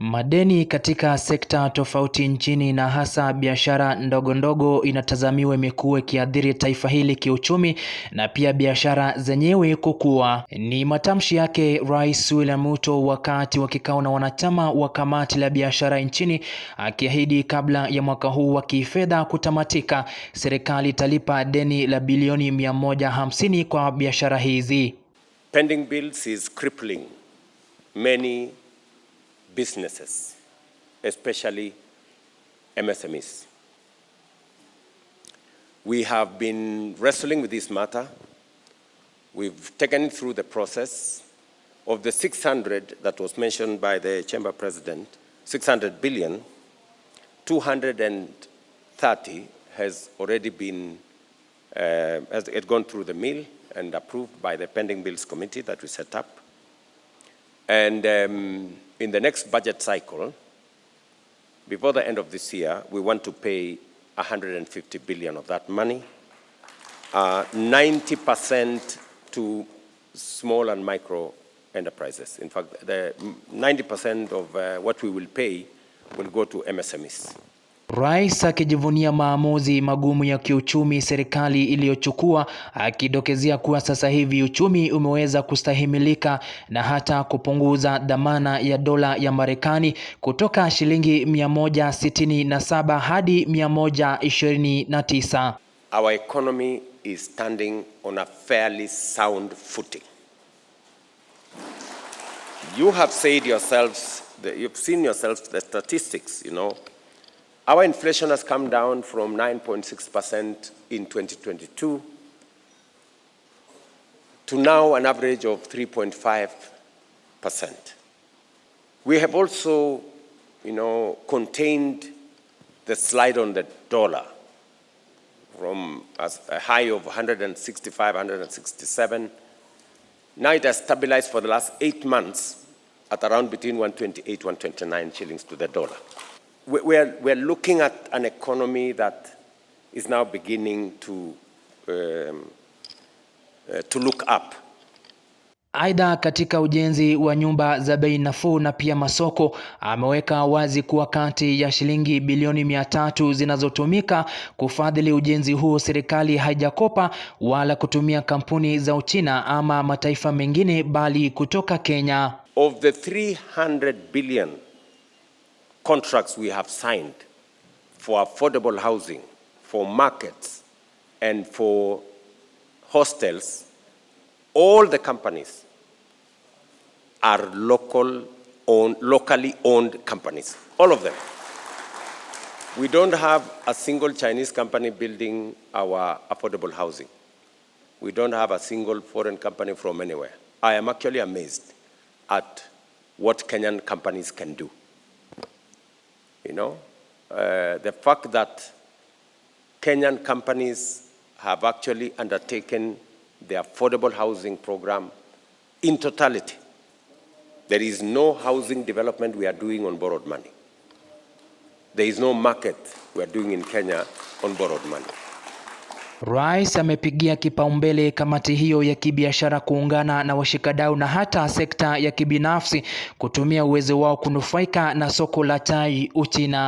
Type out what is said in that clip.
Madeni katika sekta tofauti nchini na hasa biashara ndogo ndogo inatazamiwa imekuwa ikiathiri taifa hili kiuchumi na pia biashara zenyewe kukua. Ni matamshi yake Rais William Ruto wakati wa kikao na wanachama wa kamati la biashara nchini, akiahidi kabla ya mwaka huu wa kifedha kutamatika, serikali italipa deni la bilioni 150 kwa biashara hizi. Pending bills is crippling many businesses, especially MSMEs. We have been wrestling with this matter. We've taken it through the process. Of the 600 that was mentioned by the chamber president, 600 billion, 230 has already been uh, has it gone through the mill and approved by the pending bills committee that we set up. And um, in the next budget cycle, before the end of this year, we want to pay 150 billion of that money, 90% uh, to small and micro enterprises. In fact, 90% of uh, what we will pay will go to MSMEs. Rais akijivunia maamuzi magumu ya kiuchumi serikali iliyochukua akidokezea kuwa sasa hivi uchumi umeweza kustahimilika na hata kupunguza dhamana ya dola ya Marekani kutoka shilingi 167 hadi 129. Our economy is standing on a fairly sound footing. You have said yourselves, you've seen yourselves the statistics, you know. Our inflation has come down from 9.6% in 2022 to now an average of 3.5%. We have also, you know, contained the slide on the dollar from a high of 165, 167. Now it has stabilized for the last eight months at around between 128, 129 shillings to the dollar. we are looking at an economy that is now beginning to, um, uh, to look up. Aidha, katika ujenzi wa nyumba za bei nafuu na pia masoko, ameweka wazi kuwa kati ya shilingi bilioni mia tatu zinazotumika kufadhili ujenzi huo, serikali haijakopa wala kutumia kampuni za Uchina ama mataifa mengine bali kutoka Kenya. Of the 300 billion contracts we have signed for affordable housing, for markets, and for hostels, all the companies are local owned, locally owned companies, all of them. We don't have a single Chinese company building our affordable housing. We don't have a single foreign company from anywhere. I am actually amazed at what Kenyan companies can do. You know, uh, the fact that Kenyan companies have actually undertaken the affordable housing program in totality. There is no housing development we are doing on borrowed money. There is no market we are doing in Kenya on borrowed money. Rais amepigia kipaumbele kamati hiyo ya kibiashara kuungana na washikadau na hata sekta ya kibinafsi kutumia uwezo wao kunufaika na soko la chai Uchina.